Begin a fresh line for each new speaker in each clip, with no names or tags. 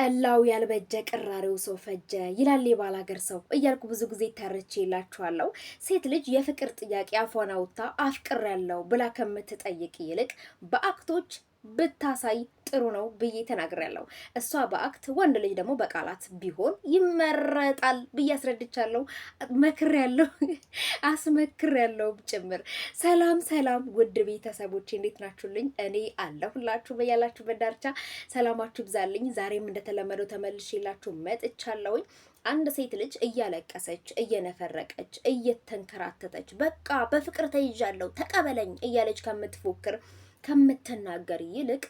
ጠላው ያልበጀ ቅራሬው ሰው ፈጀ ይላል የባል ሀገር ሰው እያልኩ ብዙ ጊዜ ተርቼ ይላችኋለሁ። ሴት ልጅ የፍቅር ጥያቄ አፏን አውጥታ አፍቅር ያለው ብላ ከምትጠይቅ ይልቅ በአክቶች ብታሳይ ጥሩ ነው ብዬ ተናግሬያለሁ። እሷ በአክት ወንድ ልጅ ደግሞ በቃላት ቢሆን ይመረጣል ብዬ አስረድቻለሁ፣ መክሬያለሁ፣ አስመክሬያለሁ ጭምር። ሰላም ሰላም፣ ውድ ቤተሰቦች እንዴት ናችሁልኝ? እኔ አለሁላችሁ በያላችሁበት ዳርቻ ሰላማችሁ ይብዛልኝ። ዛሬም እንደተለመደው ተመልሼላችሁ መጥቻለሁኝ። አንድ ሴት ልጅ እያለቀሰች እየነፈረቀች እየተንከራተተች በቃ በፍቅር ተይዣለሁ ተቀበለኝ እያለች ከምትፎክር ከምትናገር ይልቅ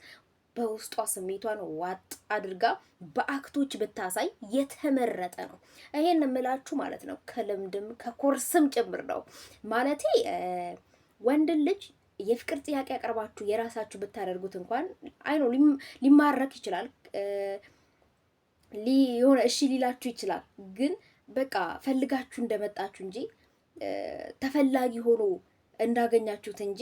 በውስጧ ስሜቷን ዋጥ አድርጋ በአክቶች ብታሳይ የተመረጠ ነው። ይሄን የምላችሁ ማለት ነው ከልምድም ከኮርስም ጭምር ነው ማለቴ ወንድን ልጅ የፍቅር ጥያቄ አቅርባችሁ የራሳችሁ ብታደርጉት እንኳን አይኖ ሊማረክ ይችላል፣ የሆነ እሺ ሊላችሁ ይችላል። ግን በቃ ፈልጋችሁ እንደመጣችሁ እንጂ ተፈላጊ ሆኖ እንዳገኛችሁት እንጂ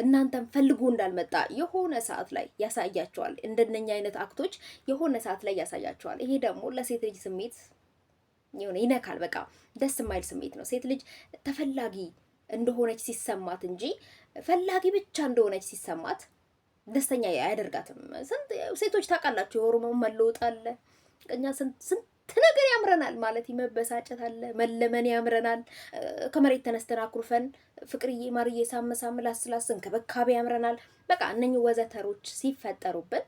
እናንተን ፈልጎ እንዳልመጣ የሆነ ሰዓት ላይ ያሳያቸዋል። እንደነኛ አይነት አክቶች የሆነ ሰዓት ላይ ያሳያቸዋል። ይሄ ደግሞ ለሴት ልጅ ስሜት የሆነ ይነካል። በቃ ደስ የማይል ስሜት ነው። ሴት ልጅ ተፈላጊ እንደሆነች ሲሰማት እንጂ ፈላጊ ብቻ እንደሆነች ሲሰማት ደስተኛ አያደርጋትም። ስንት ሴቶች ታውቃላችሁ፣ የሆርሞን መለወጥ አለ። እኛ ስንት ነገር ያምረናል ማለት መበሳጨት አለ፣ መለመን ያምረናል። ከመሬት ተነስተን አኩርፈን ፍቅርዬ ማርዬ ሳመሳም ላስላስ እንክብካቤ ያምረናል። በቃ እነኚህ ወዘተሮች ሲፈጠሩብን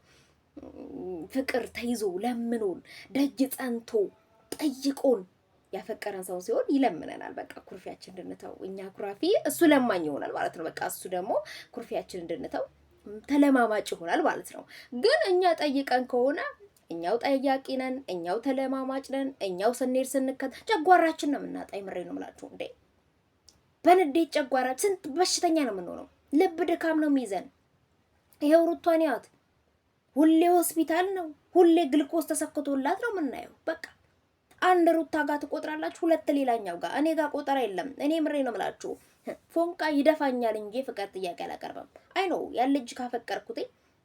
ፍቅር ተይዞ ለምኖን ደጅ ጸንቶ ጠይቆን ያፈቀረን ሰው ሲሆን ይለምነናል። በቃ ኩርፊያችን እንድንተው እኛ ኩራፊ፣ እሱ ለማኝ ይሆናል ማለት ነው። በቃ እሱ ደግሞ ኩርፊያችን እንድንተው ተለማማጭ ይሆናል ማለት ነው። ግን እኛ ጠይቀን ከሆነ እኛው ጠያቂ ነን፣ እኛው ተለማማጭ ነን፣ እኛው ስንሄድ ስንከት ጨጓራችን ነው የምናጣ። የምሬ ነው ምላችሁ እንዴ! በንዴት ጨጓራ ስንት በሽተኛ ነው የምንሆነው። ልብ ድካም ነው የሚይዘን። ይሄው ሩቷን ያት ሁሌ ሆስፒታል ነው፣ ሁሌ ግልቆስ ተሰክቶላት ነው የምናየው። በቃ አንድ ሩታ ጋር ትቆጥራላችሁ፣ ሁለት ሌላኛው ጋር። እኔ ጋር ቆጠራ የለም። እኔ ምሬ ነው ምላችሁ ፎንቃ ይደፋኛል እንጂ ፍቅር ጥያቄ አላቀርበም። አይ ነው ያለ እጅ ካፈቀርኩት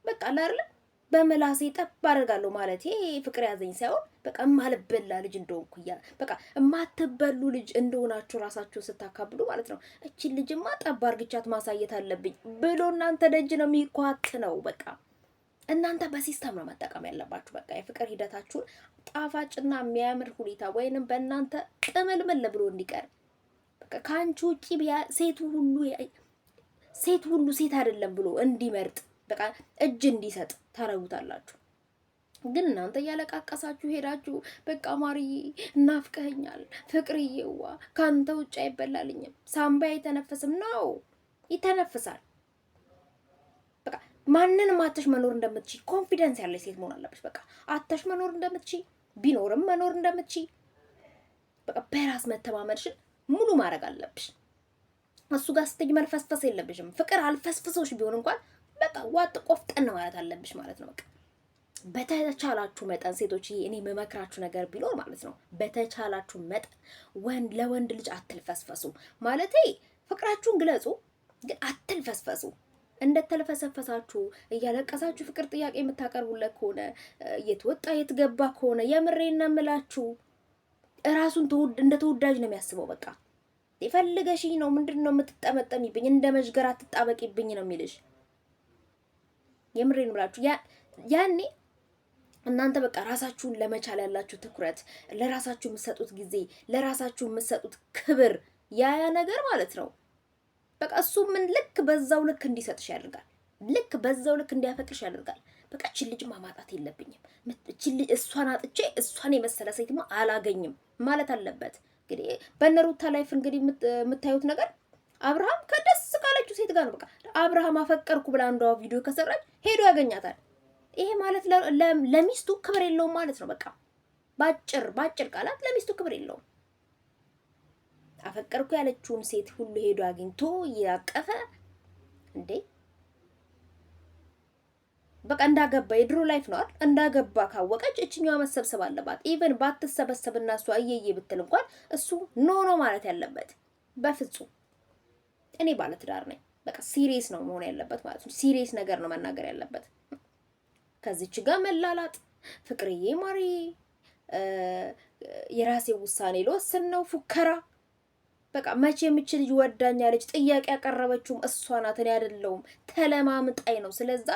በቃ አለ አይደል በምላሴ ጠብ አደርጋለሁ ማለት ፍቅር ያዘኝ ሳይሆን በቃ እማልበላ ልጅ እንደሆንኩ እያለ በቃ እማትበሉ ልጅ እንደሆናችሁ ራሳችሁን ስታካብሉ ማለት ነው። እችን ልጅማ ጠብ አርግቻት ማሳየት አለብኝ ብሎ እናንተ ደጅ ነው የሚኳት ነው። በቃ እናንተ በሲስተም ነው መጠቀም ያለባችሁ። በቃ የፍቅር ሂደታችሁን ጣፋጭና የሚያምር ሁኔታ ወይንም በእናንተ ጥምልምል ብሎ እንዲቀር ከአንቺ ውጭ ሴቱ ሁሉ ሴት ሁሉ ሴት አይደለም ብሎ እንዲመርጥ በቃ እጅ እንዲሰጥ ታረጉታላችሁ። ግን እናንተ እያለቃቀሳችሁ ሄዳችሁ በቃ ማርዬ እናፍቀኸኛል፣ ፍቅርዬዋ ካንተ ውጭ አይበላልኝም፣ ሳምባ አይተነፈስም ነው ይተነፍሳል። በቃ ማንንም አተሽ መኖር እንደምትች ኮንፊደንስ ያለች ሴት መሆን አለበች። በቃ አተሽ መኖር እንደምትች ቢኖርም መኖር እንደምትች በቃ በራስ መተማመንሽን ሙሉ ማድረግ አለብሽ። እሱ ጋር ስትይ መልፈስፈስ የለብሽም። ፍቅር አልፈስፍሶሽ ቢሆን እንኳን በቃ ዋጥ ቆፍጠን ነው ማለት አለብሽ ማለት ነው። በቃ በተቻላችሁ መጠን ሴቶች፣ እኔ የምመክራችሁ ነገር ቢኖር ማለት ነው በተቻላችሁ መጠን ወንድ ለወንድ ልጅ አትልፈስፈሱ ማለት ፍቅራችሁን ግለጹ፣ ግን አትልፈስፈሱ። እንደተልፈሰፈሳችሁ እያለቀሳችሁ ፍቅር ጥያቄ የምታቀርቡለት ከሆነ እየተወጣ እየተገባ ከሆነ የምሬና ምላችሁ እራሱን እንደ ተወዳጅ ነው የሚያስበው። በቃ የፈለገሽ ነው ምንድን ነው የምትጠመጠሚብኝ፣ እንደ መዥገር አትጣበቂብኝ ነው የሚልሽ። ነው ብላችሁ ያኔ እናንተ በቃ ራሳችሁን ለመቻል ያላችሁ ትኩረት፣ ለራሳችሁ የምትሰጡት ጊዜ፣ ለራሳችሁ የምትሰጡት ክብር ያ ነገር ማለት ነው። በቃ እሱ ምን ልክ በዛው ልክ እንዲሰጥሽ ያደርጋል። ልክ በዛው ልክ እንዲያፈቅርሽ ያደርጋል። በቃ እችን ልጅማ ማጣት የለብኝም እችን ልጅ እሷን አጥቼ እሷን የመሰለ ሴትማ አላገኝም ማለት አለበት። እንግዲህ በእነ ሩታ ላይፍ እንግዲህ የምታዩት ነገር አብርሃም ካላችሁ ሴት ጋር ነው። በቃ አብርሃም አፈቀርኩ ብላ አንዷ ቪዲዮ ከሰራች ሄዶ ያገኛታል። ይሄ ማለት ለሚስቱ ክብር የለውም ማለት ነው። በቃ ባጭር ባጭር ቃላት ለሚስቱ ክብር የለውም። አፈቀርኩ ያለችውን ሴት ሁሉ ሄዶ አግኝቶ ያቀፈ እንዴ! በቃ እንዳገባ የድሮ ላይፍ ነው አይደል? እንዳገባ ካወቀች እችኛዋ መሰብሰብ አለባት። ኢቨን ባትሰበሰብና እሷ እየዬ ብትል እንኳን እሱ ኖ ኖ ማለት ያለበት በፍጹም እኔ ባለትዳር ነኝ። በቃ ሲሪየስ ነው መሆን ያለበት ማለት ነው። ሲሪየስ ነገር ነው መናገር ያለበት። ከዚች ጋር መላላጥ ፍቅርዬ ማሪ የራሴ ውሳኔ ልወስን ነው ፉከራ። በቃ መቼ የምችል ልጅ ወዳኛለች፣ ጥያቄ ያቀረበችውም እሷ ናት፣ እኔ አይደለሁም። ተለማምጣኝ ነው። ስለዛ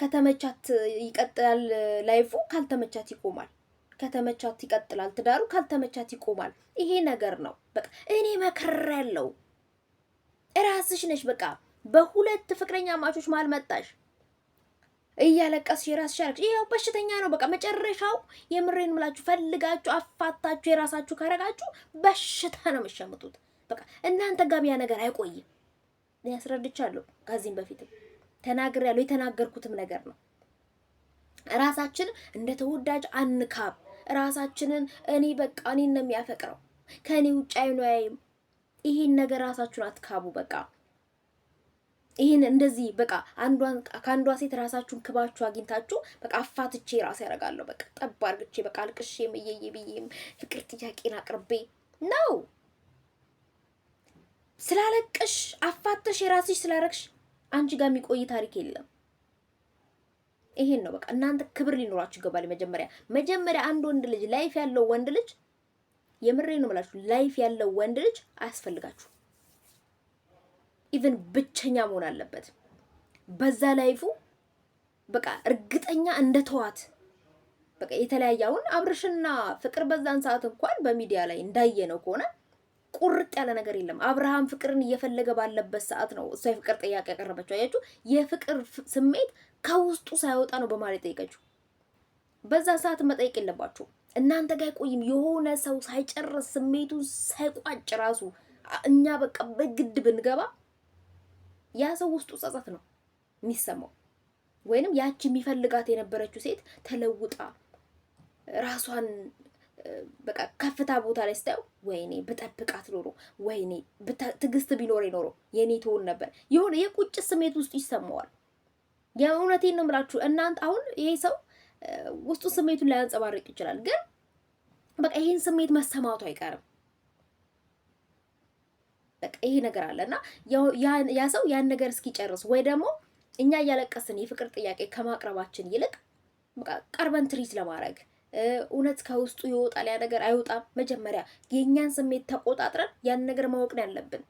ከተመቻት ይቀጥላል ላይፉ፣ ካልተመቻት ይቆማል። ከተመቻት ይቀጥላል ትዳሩ፣ ካልተመቻት ይቆማል። ይሄ ነገር ነው። በቃ እኔ መከራ ያለው እራስሽ ነሽ። በቃ በሁለት ፍቅረኛ ማቾች መሀል መጣሽ እያለቀስሽ የራስሽ ያረግሽ ይኸው በሽተኛ ነው። በቃ መጨረሻው የምሬን ምላችሁ ፈልጋችሁ አፋታችሁ የራሳችሁ ካረጋችሁ በሽታ ነው የምትሸምጡት። በቃ እናንተ ጋር ያ ነገር አይቆይም። ያስረድቻለሁ። ከዚህም በፊትም ተናግሬያለሁ። የተናገርኩትም ነገር ነው። ራሳችን እንደ ተወዳጅ አንካብ ራሳችንን እኔ በቃ እኔን ነው የሚያፈቅረው ከእኔ ውጭ አይኖያይም። ይሄን ነገር ራሳችሁን አትካቡ። በቃ ይህን እንደዚህ በቃ ከአንዷ ሴት ራሳችሁን ክባችሁ አግኝታችሁ በቃ አፋትቼ ራስ ያደርጋለሁ በቃ ጠብ አርግቼ በቃ አልቅሼ እየዬ ብዬም ፍቅር ጥያቄን አቅርቤ ነው ስላለቅሽ አፋተሽ የራስሽ ስላረግሽ አንቺ ጋር የሚቆይ ታሪክ የለም። ይሄን ነው በቃ። እናንተ ክብር ሊኖራችሁ ይገባል። መጀመሪያ መጀመሪያ አንድ ወንድ ልጅ ላይፍ ያለው ወንድ ልጅ የምሬ ነው ብላችሁ ላይፍ ያለው ወንድ ልጅ አያስፈልጋችሁ። ኢቨን ብቸኛ መሆን አለበት በዛ ላይፉ በቃ እርግጠኛ እንደ ተዋት በቃ የተለያየ አሁን አብርሽና ፍቅር በዛን ሰዓት እንኳን በሚዲያ ላይ እንዳየ ነው ከሆነ ቁርጥ ያለ ነገር የለም። አብርሃም ፍቅርን እየፈለገ ባለበት ሰዓት ነው እሷ የፍቅር ጥያቄ ያቀረበችው። አያችሁ፣ የፍቅር ስሜት ከውስጡ ሳይወጣ ነው በማለት የጠየቀችው። በዛ ሰዓት መጠየቅ የለባችሁ እናንተ ጋር አይቆይም። የሆነ ሰው ሳይጨርስ ስሜቱን ሳይቋጭ ራሱ እኛ በቃ በግድ ብንገባ ያ ሰው ውስጡ ጸጸት ነው የሚሰማው፣ ወይንም ያቺ የሚፈልጋት የነበረችው ሴት ተለውጣ ራሷን በቃ ከፍታ ቦታ ላይ ስታየው ወይኔ ብጠብቃት ኖሮ ወይኔ ትግስት ቢኖሬ ኖሮ የኔ ትሆን ነበር የሆነ የቁጭት ስሜት ውስጡ ይሰማዋል። የእውነቴን ነው የምላችሁ እናንተ አሁን ይሄ ሰው ውስጡን ስሜቱን ላያንጸባርቅ ይችላል፣ ግን በቃ ይሄን ስሜት መሰማቱ አይቀርም። በቃ ይሄ ነገር አለ እና ያ ሰው ያን ነገር እስኪጨርስ ወይ ደግሞ እኛ እያለቀስን የፍቅር ጥያቄ ከማቅረባችን ይልቅ በቃ ቀርበን ትሪት ለማድረግ እውነት ከውስጡ ይወጣል ያ ነገር አይወጣም። መጀመሪያ የእኛን ስሜት ተቆጣጥረን ያን ነገር ማወቅ ነው ያለብን።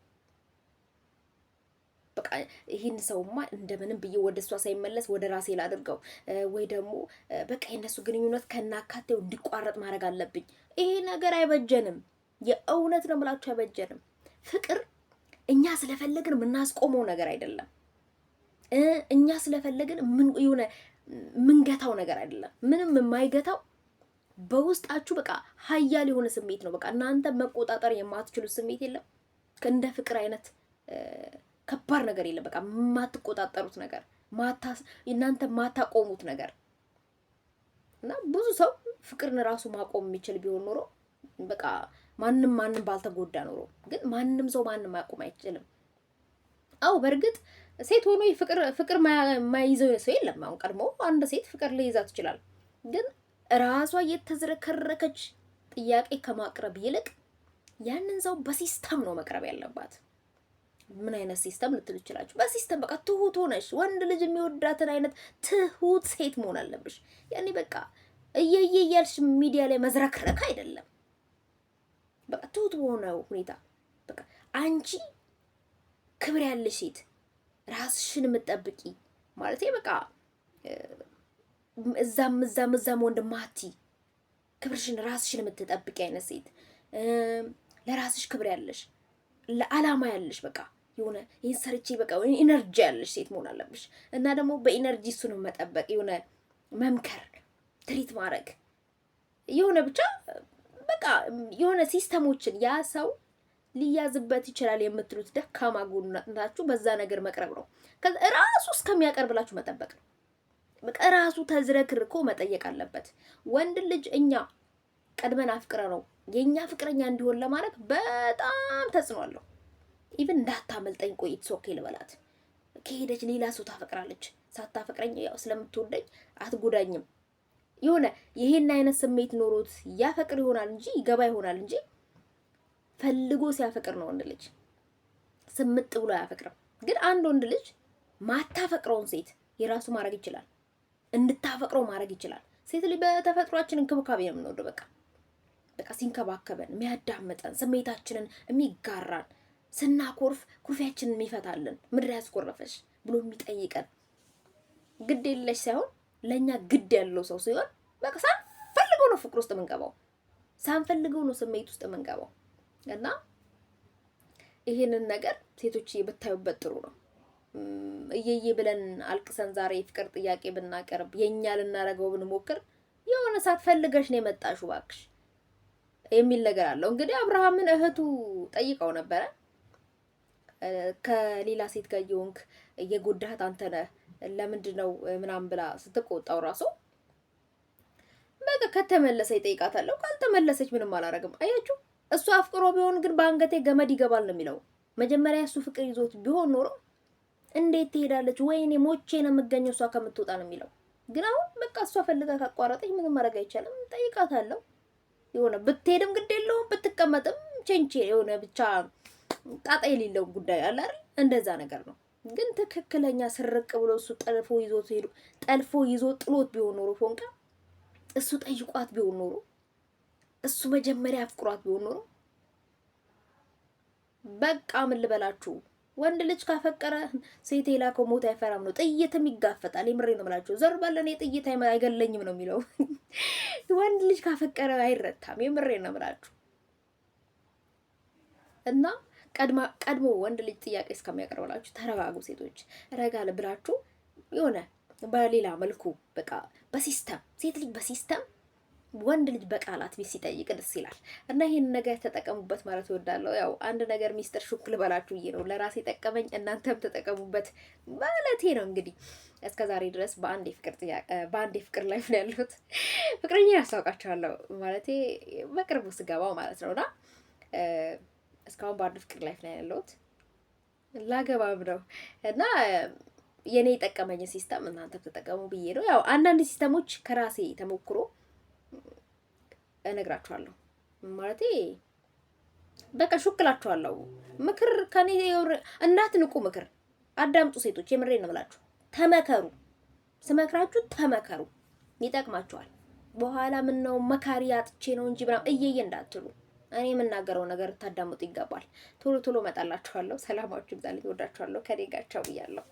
በቃ ይህን ሰውማ እንደምንም ብዬ ወደ እሷ ሳይመለስ ወደ ራሴ ላድርገው ወይ ደግሞ በቃ የነሱ ግንኙነት ከናካቴው እንዲቋረጥ ማድረግ አለብኝ። ይሄ ነገር አይበጀንም። የእውነት ነው የምላችሁ አይበጀንም። ፍቅር እኛ ስለፈለግን የምናስቆመው ነገር አይደለም። እኛ ስለፈለግን የሆነ ምንገታው ነገር አይደለም። ምንም የማይገታው በውስጣችሁ በቃ ሀያል የሆነ ስሜት ነው። በቃ እናንተ መቆጣጠር የማትችሉት ስሜት የለም። እንደ ፍቅር አይነት ከባድ ነገር የለም። በቃ ማትቆጣጠሩት ነገር እናንተ ማታቆሙት ነገር እና ብዙ ሰው ፍቅርን ራሱ ማቆም የሚችል ቢሆን ኖሮ በቃ ማንም ማንም ባልተጎዳ ኖሮ። ግን ማንም ሰው ማንም ማቆም አይችልም። አው በእርግጥ ሴት ሆኖ ፍቅር ፍቅር ማይዘው ሰው የለም። አሁን ቀድሞ አንድ ሴት ፍቅር ሊይዛ ትችላል። ግን ራሷ የተዝረከረከች ጥያቄ ከማቅረብ ይልቅ ያንን ሰው በሲስተም ነው መቅረብ ያለባት። ምን አይነት ሲስተም ልትሉ ይችላችሁ። በሲስተም በቃ ትሁት ሆነሽ ወንድ ልጅ የሚወዳትን አይነት ትሁት ሴት መሆን አለብሽ። ያኔ በቃ እየየ እያልሽ ሚዲያ ላይ መዝረክረክ አይደለም። በቃ ትሁት በሆነ ሁኔታ በቃ አንቺ ክብር ያለሽ ሴት ራስሽን የምጠብቂ ማለት በቃ እዛም እዛም እዛም ወንድ ማቲ ክብርሽን ራስሽን የምትጠብቂ አይነት ሴት ለራስሽ ክብር ያለሽ ለዓላማ ያለሽ በቃ የሆነ ይህን ሰርቼ በቃ ኢነርጂ ያለሽ ሴት መሆን አለብሽ። እና ደግሞ በኢነርጂ እሱን መጠበቅ የሆነ መምከር፣ ትሪት ማድረግ የሆነ ብቻ በቃ የሆነ ሲስተሞችን ያ ሰው ሊያዝበት ይችላል የምትሉት ደካማ ጎናችሁ በዛ ነገር መቅረብ ነው። ራሱ እስከሚያቀርብላችሁ መጠበቅ ነው። በቃ ራሱ ተዝረክርኮ መጠየቅ አለበት። ወንድ ልጅ እኛ ቀድመን አፍቅረ ነው የእኛ ፍቅረኛ እንዲሆን ለማድረግ በጣም ተጽዕኖ አለሁ። ኢቭን እንዳታመልጠኝ ቆይ ኢትስ ልበላት። ከሄደች ሌላ ሰው ታፈቅራለች። ሳታፈቅረኝ ያው ስለምትወደኝ አትጎዳኝም። የሆነ ይሄን አይነት ስሜት ኖሮት ያፈቅር ይሆናል እንጂ ይገባ ይሆናል እንጂ ፈልጎ ሲያፈቅር ነው ወንድ ልጅ፣ ስምጥ ብሎ አያፈቅርም። ግን አንድ ወንድ ልጅ ማታፈቅረውን ሴት የራሱ ማድረግ ይችላል፣ እንድታፈቅረው ማድረግ ይችላል። ሴት ልጅ በተፈጥሯችን እንክብካቤ ነው የምንወደው በቃ በቃ ሲንከባከበን የሚያዳምጠን ስሜታችንን የሚጋራን ስናኮርፍ ኩርፊያችንን የሚፈታልን ምድር ያስኮረፈሽ ብሎ የሚጠይቀን ግድ የለሽ ሳይሆን ለእኛ ግድ ያለው ሰው ሲሆን በቃ ሳንፈልገው ነው ፍቅር ውስጥ የምንገባው፣ ሳንፈልገው ነው ስሜት ውስጥ የምንገባው እና ይሄንን ነገር ሴቶች ብታዩበት ጥሩ ነው። እየዬ ብለን አልቅሰን ዛሬ የፍቅር ጥያቄ ብናቀርብ የእኛ ልናደርገው ብንሞክር የሆነ ሳትፈልገሽ ነው የመጣሽው እባክሽ የሚል ነገር አለው። እንግዲህ አብርሃምን እህቱ ጠይቀው ነበረ። ከሌላ ሴት ጋር እየሆንክ እየጎዳህት አንተ ነህ ለምንድን ነው ምናምን ብላ ስትቆጣው ራሱ በቃ ከተመለሰ ይጠይቃታለሁ፣ ካልተመለሰች ምንም አላረግም። አያችሁ፣ እሱ አፍቅሮ ቢሆን ግን በአንገቴ ገመድ ይገባል ነው የሚለው። መጀመሪያ እሱ ፍቅር ይዞት ቢሆን ኖሮ እንዴት ትሄዳለች? ወይኔ ሞቼ ነው የምገኘው እሷ ከምትወጣ ነው የሚለው። ግን አሁን በቃ እሷ ፈልጋ ካቋረጠች ምንም ማድረግ አይቻልም። ጠይቃታለሁ የሆነ ብትሄድም ግድ የለውም ብትቀመጥም ቼንቼ የሆነ ብቻ ጣጣ የሌለው ጉዳይ አለ አይደል? እንደዛ ነገር ነው። ግን ትክክለኛ ስርቅ ብሎ እሱ ጠልፎ ይዞ ሄዱ ጠልፎ ይዞ ጥሎት ቢሆን ኖሮ ፎንቃ እሱ ጠይቋት ቢሆን ኖሮ እሱ መጀመሪያ አፍቅሯት ቢሆን ኖሮ በቃ ምን ልበላችሁ ወንድ ልጅ ካፈቀረ ሴት የላከው ሞት አይፈራም ነው። ጥይትም ይጋፈጣል። የምሬ ነው የምላቸው። ዘር ባለን የጥይት አይገለኝም ነው የሚለው። ወንድ ልጅ ካፈቀረ አይረታም። የምሬ ነው ምላችሁ እና ቀድሞ ወንድ ልጅ ጥያቄ እስከሚያቀርብላችሁ ተረጋጉ። ሴቶች ረጋል ብላችሁ የሆነ በሌላ መልኩ በቃ በሲስተም ሴት ልጅ በሲስተም ወንድ ልጅ በቃላት ሚስት ሲጠይቅ ደስ ይላል እና ይህን ነገር ተጠቀሙበት ማለት እወዳለሁ። ያው አንድ ነገር ሚስጥር ሹክ ልበላችሁ ብዬ ነው ለራሴ ጠቀመኝ፣ እናንተም ተጠቀሙበት ማለቴ ነው። እንግዲህ እስከ ዛሬ ድረስ በአንድ የፍቅር ጥያቄ በአንድ የፍቅር ላይ ነው ያለሁት። ፍቅረኛ ያስታውቃችኋለሁ ማለቴ በቅርቡ ስገባው ማለት ነው እና እስካሁን በአንድ ፍቅር ላይፍ ላይ ያለሁት ላገባም ነው እና የእኔ የጠቀመኝ ሲስተም እናንተም ተጠቀሙ ብዬ ነው። ያው አንዳንድ ሲስተሞች ከራሴ ተሞክሮ እነግራችኋለሁ። ማለቴ በቃ ሹክላችኋለሁ። ምክር ከኔ እንዳትንቁ፣ ምክር አዳምጡ ሴቶች። የምሬ ነው ብላችሁ ተመከሩ፣ ስመክራችሁ ተመከሩ፣ ይጠቅማችኋል። በኋላ ምን ነው መካሪ አጥቼ ነው እንጂ ምናምን እየየ እንዳትሉ። እኔ የምናገረው ነገር ታዳምጡ ይገባል። ቶሎ ቶሎ መጣላችኋለሁ። ሰላማችሁ ይብዛልኝ። ወዳችኋለሁ። ከኔ ጋር ቻው ብያለሁ።